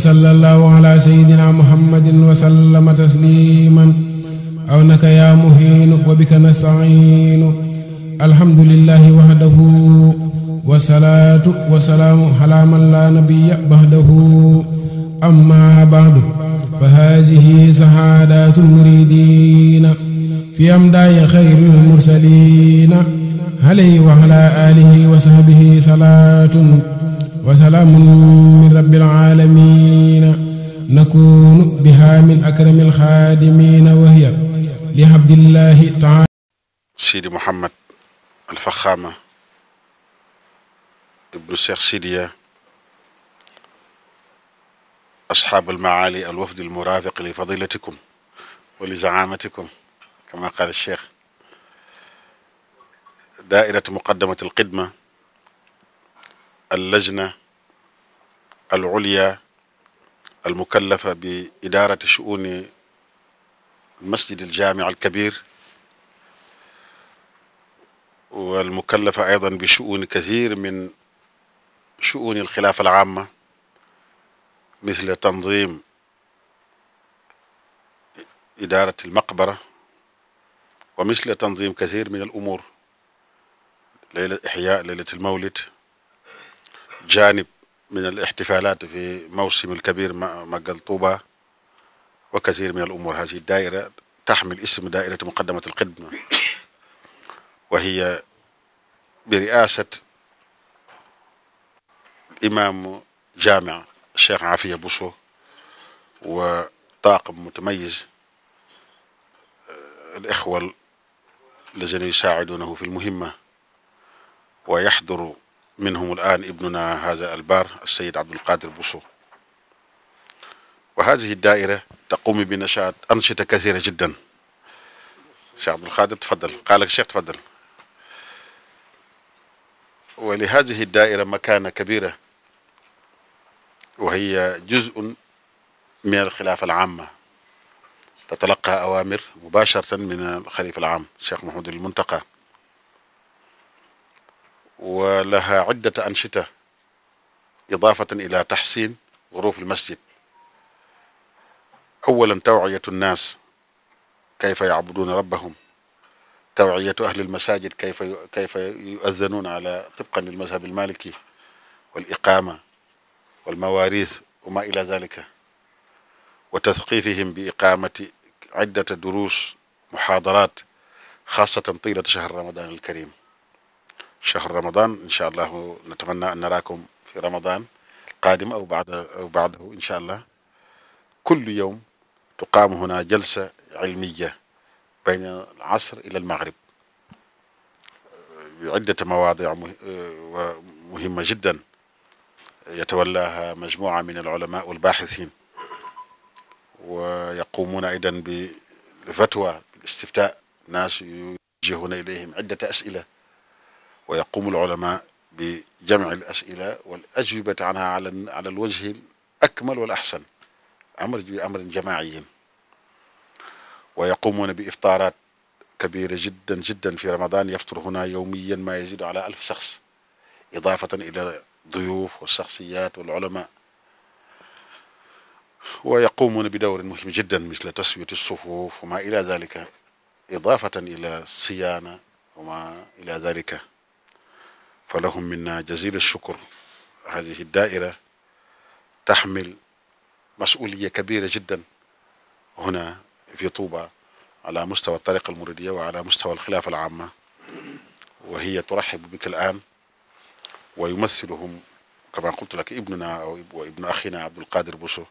وصلى الله على سيدنا محمد وسلم تسليما عونك يا مهين وبك نستعين الحمد لله وحده والصلاة والسلام على من لا نبي بعده أما بعد فهذه سعادات المريدين في أمداي خير المرسلين عليه وعلى آله وصحبه صلاة وسلام من رب yakunu biha min akrami alxaadimina wa hiya li abdillahi taala sidi muhammad alfaxaama ibnu cheikh sidiya asxaab almaali alwafd almurafiq li fadilatikum wa li zaamatikum kama qaal cheikh daairatu muqaddamat alxidma allajna alulya almukallafa bi idaarati shu'uni masjid aljaami alkabir والمكلفة أيضا بشؤون كثير من شؤون الخلافة العامة مثل تنظيم إدارة المقبرة ومثل تنظيم كثير من الأمور ليلة إحياء ليلة المولد جانب من الاحتفالات في موسم الكبير مقل طوبة وكثير من الأمور هذه الدائرة تحمل اسم دائرة مقدمة الخدمة وهي برئاسة إمام جامع الشيخ عافية بوصو وطاقم متميز الإخوة الذين يساعدونه في المهمة ويحضر منهم الآن ابننا هذا البار السيد عبد القادر بوصو وهذه الدائرة تقوم بنشاط أنشطة كثيرة جدا شيخ عبد القادر تفضل قال الشيخ تفضل ولهذه الدائرة مكانة كبيرة وهي جزء من الخلافة العامة تتلقى أوامر مباشرة من الخليفة العام الشيخ محمود المنتقى wa laha iddata anchita idaafatan ila taxsin ظروف المسجد أولا توعية الناس كيف يعبدون ربهم توعية أهل المساجد كيف كيف يؤذنون على طبقا للمذهب المالكي والإقامة والمواريث وما إلى ذلك وتثقيفهم بإقامة عدة دروس محاضرات خاصة طيلة شهر رمضان الكريم شهر رمضان إن شاء الله نتمنى أن نراكم في رمضان القادم أو بعد أو بعده إن شاء الله كل يوم تقام هنا جلسة علمية بين العصر إلى المغرب بعدة مواضيع مهمة جدا يتولاها مجموعة من العلماء والباحثين ويقومون أيضا بفتوى الاستفتاء ناس يوجهون إليهم عدة أسئلة wa yaqumu al-ulama bi jamci al-as'ila wal ajwibati anha ala ala al-wajhi al-akmal wal ahsan amr bi amrin jamaaciyin wa yaqumuuna bi iftaaraat كبيرة جدا جدا في رمضان يفطر هنا يوميا ما يزيد على ألف شخص إضافة إلى الضيوف والشخصيات والعلماء ويقومون بدور مهم جدا مثل تسوية الصفوف وما إلى ذلك إضافة إلى الصيانة وما إلى ذلك fa lahum minna jazil ash-shukr hadihi ad-da'ira taxmil masuliya kabira jiddan huna fi tuuba ala mustawa at-tariqa al-muridiya wa ala mustawa al-khilaafa al-aamma wa hiya turahibu bika al-aan wa yumathiluhum kama qultu laka ibnuna wa ibnu axina Abdulqaadir Bousso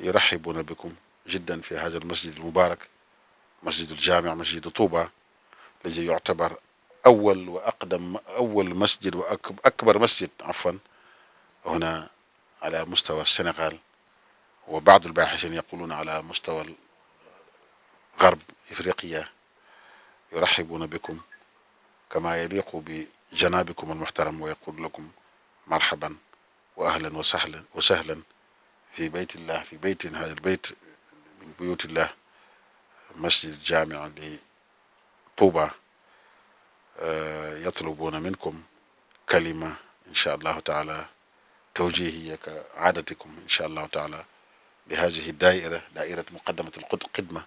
yurahibuuna bikum jiddan fi haadha al-masjid al-mubaarak masjid al-jaami' masjid Tuuba alladi yu'tabar أول وأقدم أول مسجد وأكبر مسجد عفوا هنا على مستوى السنغال وبعض الباحثين يقولون على مستوى غرب إفريقيا يرحبون بكم كما يليق بجنابكم المحترم ويقول لكم مرحبا وأهلا وسهلا وسهلا في بيت الله في بيت هذا البيت من بيوت الله مسجد الجامع لطوبة yatlubuuna minkum kalima incha allahu taala tawjihiya ka aadatikum incha allahu taala li hadihi daaira daairat muqaddamat alxidma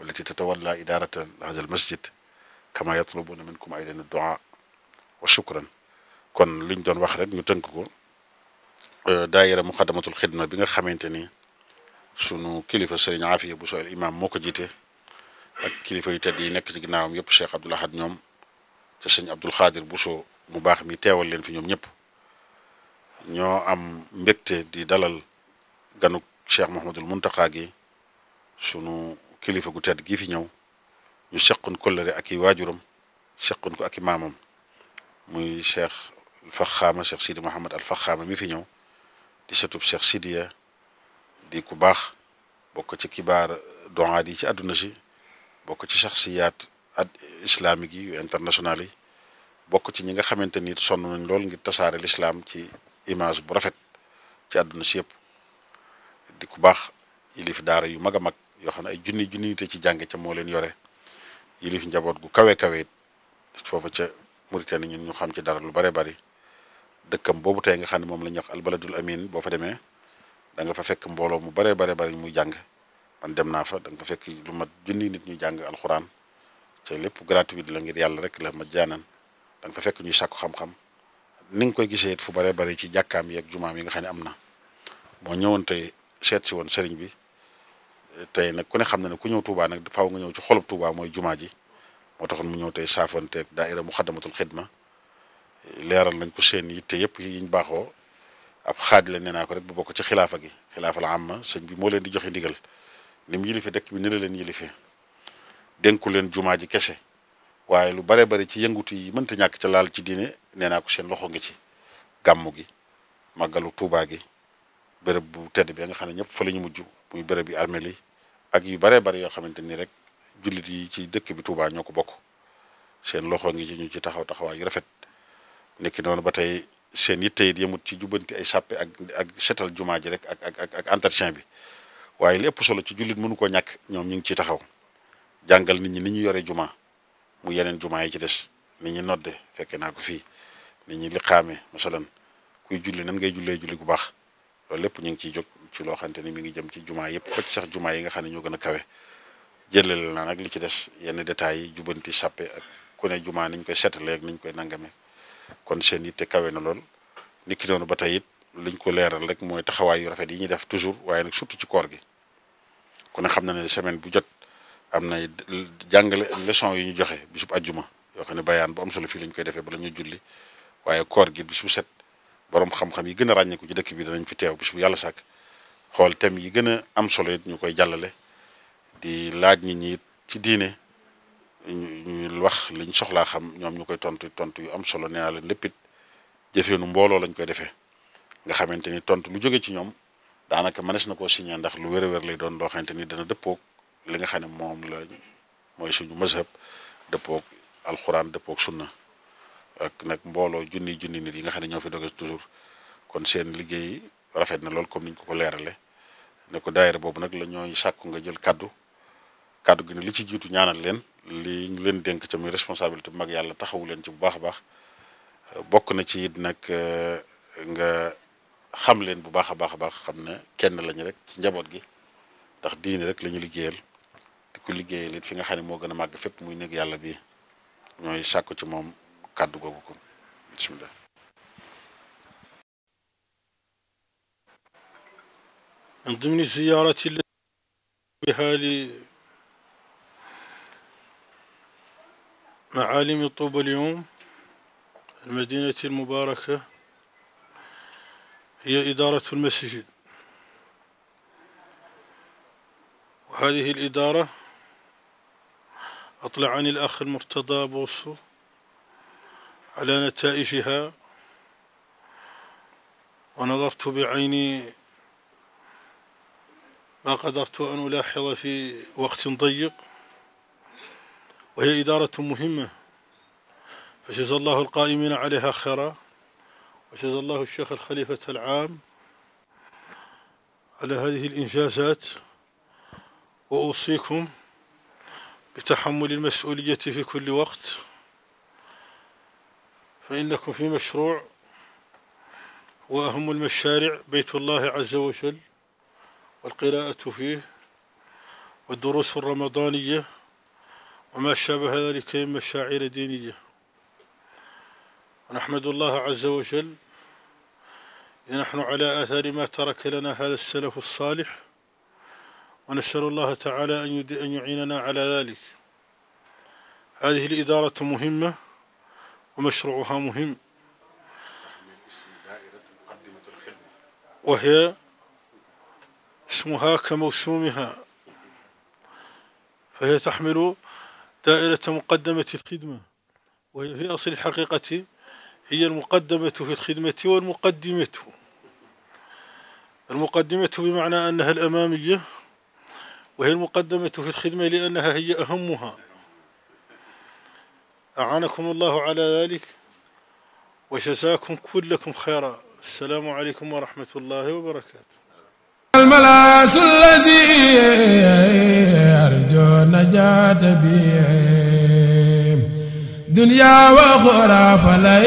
wallati tatawalla idarata hada almasjid kama yatlubuuna minkum aydan addua wa shukran kon liñ doon wax rek ñu tënk ko daaira muqaddamatul xidma bi nga xamante ni sunu kilifa sëriñ Aafiya bu so al imam moo ko jiite ak kilifa yu tedd yi nekk ci ginnaawam yëpp Cheikh Abdoul Ahad ñoom te sëñ Abdul bu so mu baax mi teewal leen fi ñoom ñëpp ñoo am mbégte di dalal ganuk Cheikh Mouhamadul Muntaxa gi sunu kilifa gu tedd gi fi ñëw ñu sequn kollëre ak i waajuram sequn ko ak i maamam muy Cheikh Faxaama Cheikh Sidi Mouhamad al Faxaama mi fi ñëw di setub Cheikh Sidiya di ku baax bokk ci kibaar doxaat yi ci àdduna si bokk ci sax si at islamique yi international yi bokk ci ñi nga xamante ni sonn nañ lool ngir tasaare lislaam ci image bu rafet ci àdduna si yëpp di ku baax yilif daara yu mag a mag yoo xam ne ay junni junni te ci jànge ca moo leen yore yilif njaboot gu kawe kawe it foofa ca Mauritanie ñun ñu xam ci dara lu bare bari dëkkam boobu tey nga xam ne moom la ñuy wax albaladul amin boo fa demee da nga fa fekk mbooloo mu bare bare bari muy jàng man dem naa fa da nga fekk lu mat junni nit ñuy jàng alxuraan. te lépp gratuit la ngir yàlla rek la ma jaanan da nga fa fekk ñuy sàkku xam-xam ni nga koy gisee it fu bare bari ci jàkkaam yi ak jumaam mi nga xam ne am na moo ñëwoon tey seet si woon sëriñ bi tey nag ku ne xam na ne ku ñëw Touba nag faw nga ñëw ci xolub Touba mooy jumaa ji moo taxoon mu ñëw tey saafanteeg daaira Muxaddamatul Xidma leeral nañ ko seen yitte yëpp yi ñu baaxoo ab xaaj la nee naa ko rek bu bokk ci xilaafa gi xilaafa la am ma sëñ bi moo leen d joxe ndigal ni mu yilife dëkk bi ni leen yilife dénku leen jumaa ji kese waaye lu bare bari ci yëngutu yi mënta ñàkk ca laal ci diine nee ko seen loxo ngi ci gàmmu gi màggalu tuubaa gi bërëb bu tedd bi nga xam ne ñëpp fa la ñu mujj muy béréb yi armeel yi ak yu bare bari yoo xamante ni rek jullit yi ci dëkk bi Touba ñoo ko bokk seen loxo ngi ci ñu ci taxaw taxawaay yu rafet nekki noonu ba tey seen yitte it yemut ci jubbanti ay sàppe ak setal jumaa ji rek ak ak ak entretien bi waaye lépp solo ci jullit mënu koo ñàkk ñoom ñu ngi ciy taxaw jàngal nit ñi ni ñu yore juma mu yeneen juma yi ci des ni ñi nodde fekke naa ko fii nit ñi liqaame masalan kuy julli nan ngay jullee julli bu baax loolu lépp ñu ngi ciy jóg ci loo xamante ni mi ngi jëm ci juma yëpp ko ci sax juma yi nga xam ne ñoo gën a kawe jëlale naa nag li ci des yenn détails yi jubanti sàppe ak ku ne juma niñ koy seetalee ak koy nangame kon seen te kawe na lool nit ki noonu ba tey it liñ ko leeral rek mooy taxawaay yu rafet yi ñuy def toujours waaye nag surtout ci koor gi kon ne xam na ne semaine bu jot am na jàngale leçon yu ñu joxe bisub ajjuma yoo xam ne bayaan bu am solo fii lañ koy defee bala ñu julli waaye koor gi bis bu set borom xam-xam yi gën a ràññeeku ci dëkk bi danañ fi teew bis bu yàlla sàkk xool thème yi gën a am solo it ñu koy jàllale di laaj ni ñi ci diine ñu wax liñ soxlaa xam ñoom ñu koy tont tontu yu am solo nee naa leen lépp it jëfeenu mbooloo lañ koy defee nga xamante ni tontu lu jóge ci ñoom daanaka mënees na koo signé ndax lu wér a wér lay doon loo ni dana dëppoog li nga xam ne moom la mooy suñu mazhab dëppoog alxuraan dëppoog sunna ak nag mbooloo junni junni nit yi nga xam ne ñoo fi doge toujours kon seen liggéey rafet na lool comme niñ ko ko leerale ne ko daayira boobu nag la ñooy sàkku nga jël kaddu kaddu gi ne li ci jiitu ñaanal leen li ñu leen dénk ca muy responsabilité bu mag yàlla taxawu leen ci bu baax a baax bokk na ci it nag euh, nga xam leen bu baax a baax a baax xam ne kenn lañu rek ci njaboot gi ndax diini rek la liggéeyal ko liggéeyal it fi nga xam ne moo gën a màgg fépp muy néeg yàlla bi ñooy sàkku ci moom kàddu googu ko bisimilah. من ضمن زيارة بها لمعالم طوبى اليوم المدينة المباركة هي إدارة المسجد وهذه الإدارة أطلعني الأخ المرتضى بوصو على نتائجها ونظرت بعيني ما قدرت أن ألاحظ في وقت ضيق وهي إدارة مهمة فجزا الله القائمين عليها خيرا وجزا الله الشيخ الخليفة العام على هذه الإنجازات وأوصيكم بتحمل المسؤولية في كل وقت فإنكم في مشروع وأهم المشاريع بيت الله عز وجل والقراءة فيه والدروس الرمضانية وما شابه ذلك من مشاعر دينية ونحمد الله عز وجل نحن على آثار ما ترك لنا هذا السلف الصالح ونسأل الله تعالى أن يعيننا على ذلك هذه الإدارة مهمة ومشروعها مهم وهي اسمها كموسومها فهي تحمل دائرة مقدمة الخدمة وهي في أصل الحقيقة هي المقدمة في الخدمة والمقدمة المقدمة بمعنى أنها الأمامية وهي المقدمة في الخدمة لأنها هي أهمها أعانكم الله على ذلك وجزاكم كلكم خيرا السلام عليكم ورحمة الله وبركاته الملاس الذي أرجو النجاة به دنيا وأخرى فلئ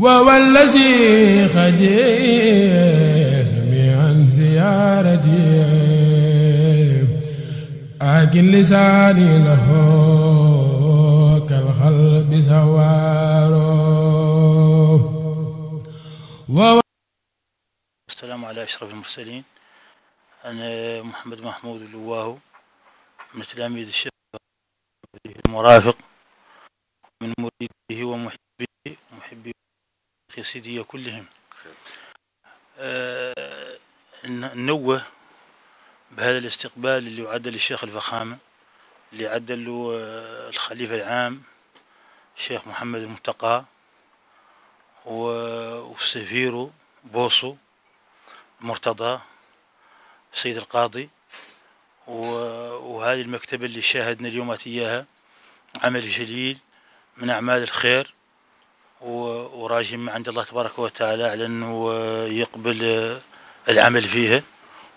وهو الذي خجيت من زيارتي أكل لساني له كالخلب سواره السلام على أشرف المرسلين أنا محمد محمود اللواه من تلاميذ الشيخ المرافق من مريده ومحبه ومحبه القيصدية كلهم نوه بهذا الاستقبال اللي عدى للشيخ الفخامة اللي عدى له الخليفة العام الشيخ محمد المتقى وسفيره بوصو مرتضى سيد القاضي وهذه المكتبة اللي شاهدنا اليوم إياها عمل جليل من أعمال الخير وراجم عند الله تبارك وتعالى على انه يقبل العمل فيها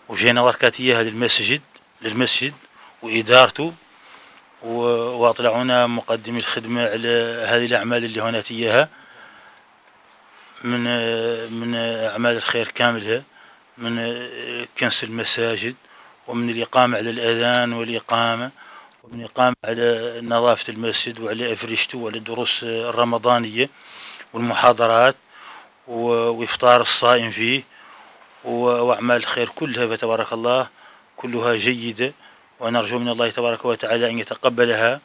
وجينا وكانت اياها للمسجد للمسجد وادارته واطلعونا مقدمي الخدمه على هذه الاعمال اللي هنا اياها من من اعمال الخير كاملها من كنس المساجد ومن الاقامه على الاذان والاقامه ومن إقامة على نظافة المسجد وعلى أفرشته وعلى الدروس الرمضانية والمحاضرات وإفطار الصائم فيه وأعمال الخير كلها فتبارك الله كلها جيدة ونرجو من الله تبارك وتعالى أن يتقبلها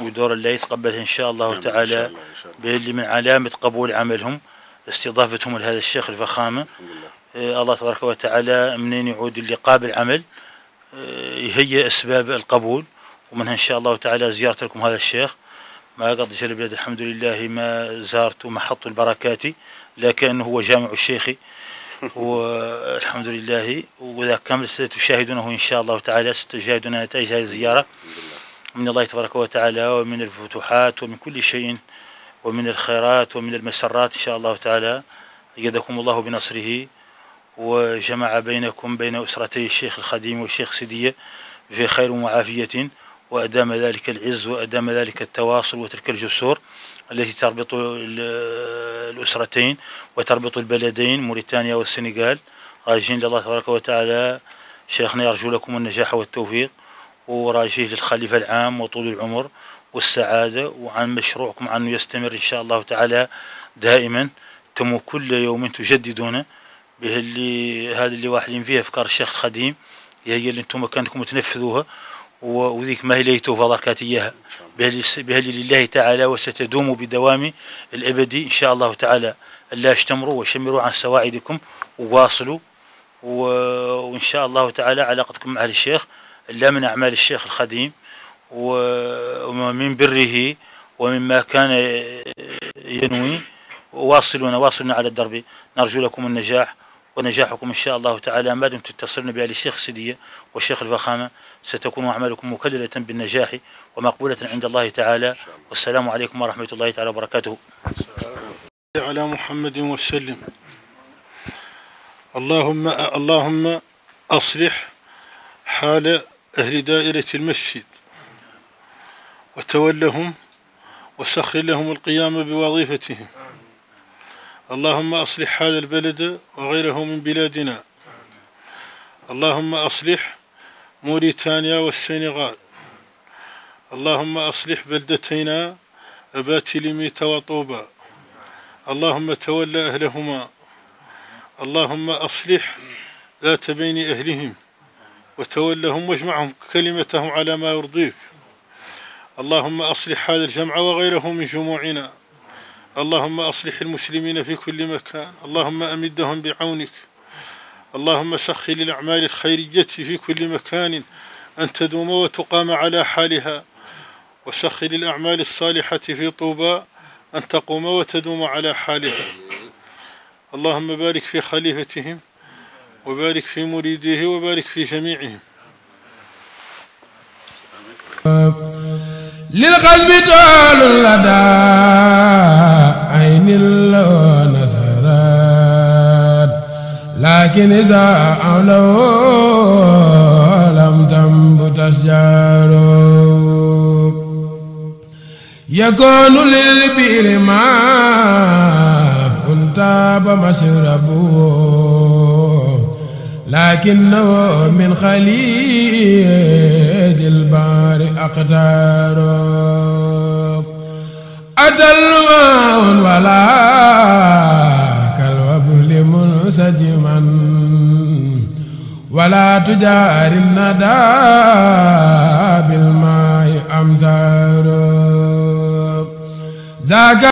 ودور الله يتقبلها إن شاء الله تعالى باللي من علامة قبول عملهم استضافتهم لهذا الشيخ الفخامة آه الله تبارك وتعالى منين يعود اللي قابل عمل آه هي أسباب القبول ومنها إن شاء الله تعالى زيارة لكم هذا الشيخ ما قضي شل البلاد الحمد لله ما زارت ومحط البركات لكنه هو جامع الشيخ والحمد لله وإذا كامل ستشاهدونه إن شاء الله تعالى ستشاهدون نتائج هذه الزيارة من الله تبارك وتعالى ومن الفتوحات ومن كل شيء ومن الخيرات ومن المسرات إن شاء الله تعالى أيدكم الله بنصره وجمع بينكم بين أسرتي الشيخ الخديم والشيخ سدية في خير وعافية وأدام ذلك العز وأدام ذلك التواصل وتلك الجسور التي تربط الأسرتين وتربط البلدين موريتانيا والسنغال راجين لله تبارك وتعالى شيخنا يرجو لكم النجاح والتوفيق وراجيه للخليفة العام وطول العمر والسعادة وعن مشروعكم أنه يستمر إن شاء الله تعالى دائما تم كل يوم تجددونه به اللي هذا اللي واحدين فيه أفكار الشيخ الخديم هي اللي أنتم كانكم تنفذوها وأذيك ما إليته فضلك إياها بهل لله تعالى وستدوم بدوام الأبدي إن شاء الله تعالى ألا اشتمروا وشمروا عن سواعدكم وواصلوا وإن شاء الله تعالى علاقتكم مع الشيخ لا من أعمال الشيخ الخديم ومن بره ومما كان ينوي واصلونا واصلونا على الدرب نرجو لكم النجاح ونجاحكم إن شاء الله تعالى ما دمتم تتصلن بآل الشيخ سدية والشيخ الفخامة ستكون أعمالكم مكللة بالنجاح ومقبولة عند الله تعالى والسلام عليكم ورحمة الله تعالى وبركاته على محمد وسلم اللهم اللهم أصلح حال أهل دائرة المسجد وتولهم وسخر لهم القيام بوظيفتهم اللهم أصلح هذا البلد وغيره من بلادنا اللهم أصلح موريتانيا والسنغال اللهم أصلح بلدتينا أباتي لميت وطوبى اللهم تولى أهلهما اللهم أصلح ذات بين أهلهم وتولهم واجمعهم كلمتهم على ما يرضيك اللهم أصلح هذا الجمع وغيره من جموعنا اللهم أصلح المسلمين في كل مكان اللهم أمدهم بعونك اللهم سخي للأعمال الخيرية في كل مكان أن تدوم وتقام على حالها وسخ للأعمال الصالحة في طوبى أن تقوم وتدوم على حالها اللهم بارك في خليفتهم وبارك في مريديه وبارك في جميعهم للقلب دول لدى إن لو نصرت لكن إذا أولوا لم تنبت أشجار يكون للبير ماء تاب مشربه لكنه من خليد البار أقداره الماء ولا كالوبل منسجما ولا تجار الندى بالماء أمتار ذاك